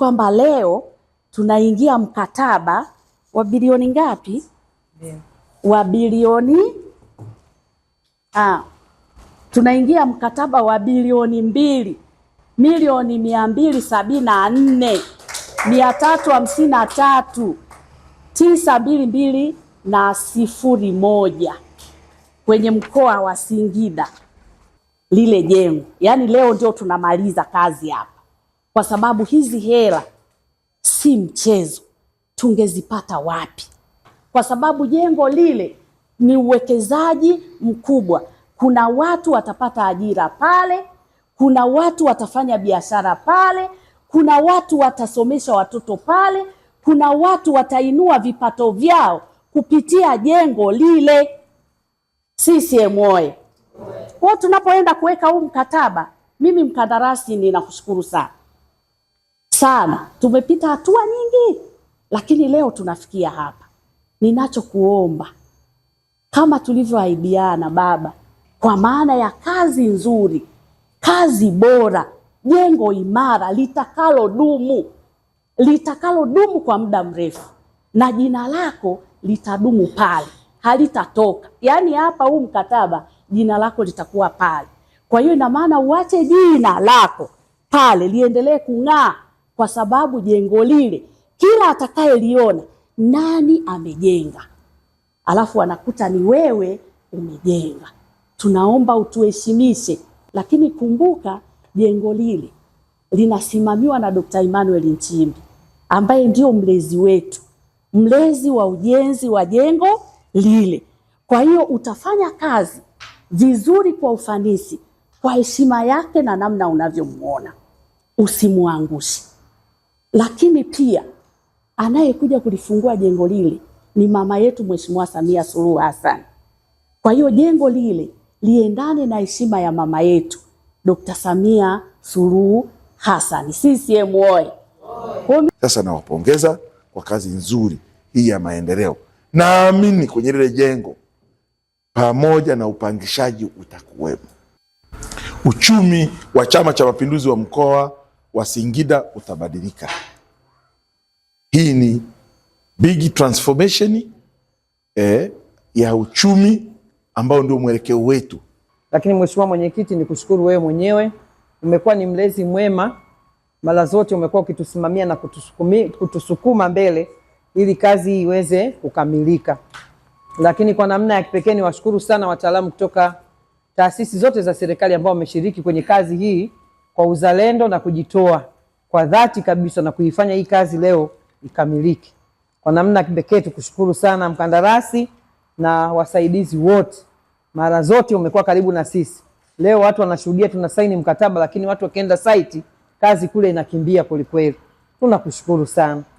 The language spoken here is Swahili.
kwamba leo tunaingia mkataba wa bilioni ngapi? Yeah. Wa bilioni ah, tunaingia mkataba wa bilioni mbili milioni mia mbili sabini na nne mia tatu hamsini na tatu tisa mbili mbili na sifuri moja kwenye mkoa wa Singida lile jengo. Yaani leo ndio tunamaliza kazi hapa kwa sababu hizi hela si mchezo. Tungezipata wapi? Kwa sababu jengo lile ni uwekezaji mkubwa. Kuna watu watapata ajira pale, kuna watu watafanya biashara pale, kuna watu watasomesha watoto pale, kuna watu watainua vipato vyao kupitia jengo lile. CCM oye! Kwa tunapoenda kuweka huu mkataba, mimi mkandarasi, ninakushukuru sana sana, tumepita hatua nyingi, lakini leo tunafikia hapa. Ninachokuomba kama tulivyoahidiana Baba, kwa maana ya kazi nzuri, kazi bora, jengo imara litakalo dumu, litakalo dumu kwa muda mrefu, na jina lako litadumu pale, halitatoka. Yaani hapa huu mkataba, jina lako litakuwa pale. Kwa hiyo ina maana uache jina lako pale liendelee kung'aa kwa sababu jengo lile kila atakayeliona nani amejenga, alafu anakuta ni wewe umejenga. Tunaomba utuheshimishe, lakini kumbuka jengo lile linasimamiwa na Dr. Emmanuel Nchimbi ambaye ndio mlezi wetu, mlezi wa ujenzi wa jengo lile. Kwa hiyo utafanya kazi vizuri kwa ufanisi, kwa heshima yake na namna unavyomwona, usimwangushe. Lakini pia anayekuja kulifungua jengo lile ni mama yetu Mheshimiwa Samia Suluhu Hassan. Kwa hiyo jengo lile liendane na heshima ya mama yetu Dr. Samia Suluhu Hassan. CCM oyee! Sasa nawapongeza kwa kazi nzuri hii ya maendeleo. Naamini kwenye lile jengo pamoja na upangishaji utakuwepo. Uchumi wa Chama cha Mapinduzi wa mkoa wa Singida utabadilika. Hii ni big transformation eh, ya uchumi ambao ndio mwelekeo wetu. Lakini Mheshimiwa Mwenyekiti, ni kushukuru wewe mwenyewe, umekuwa ni mlezi mwema, mara zote umekuwa ukitusimamia na kutusukuma mbele ili kazi iweze kukamilika. Lakini kwa namna ya kipekee niwashukuru sana wataalamu kutoka taasisi zote za serikali ambao wameshiriki kwenye kazi hii kwa uzalendo na kujitoa kwa dhati kabisa na kuifanya hii kazi leo ikamilike. Kwa namna kipekee tukushukuru sana mkandarasi na wasaidizi wote, mara zote umekuwa karibu na sisi. Leo watu wanashuhudia tunasaini mkataba, lakini watu wakienda site kazi kule inakimbia kwelikweli. Tunakushukuru sana.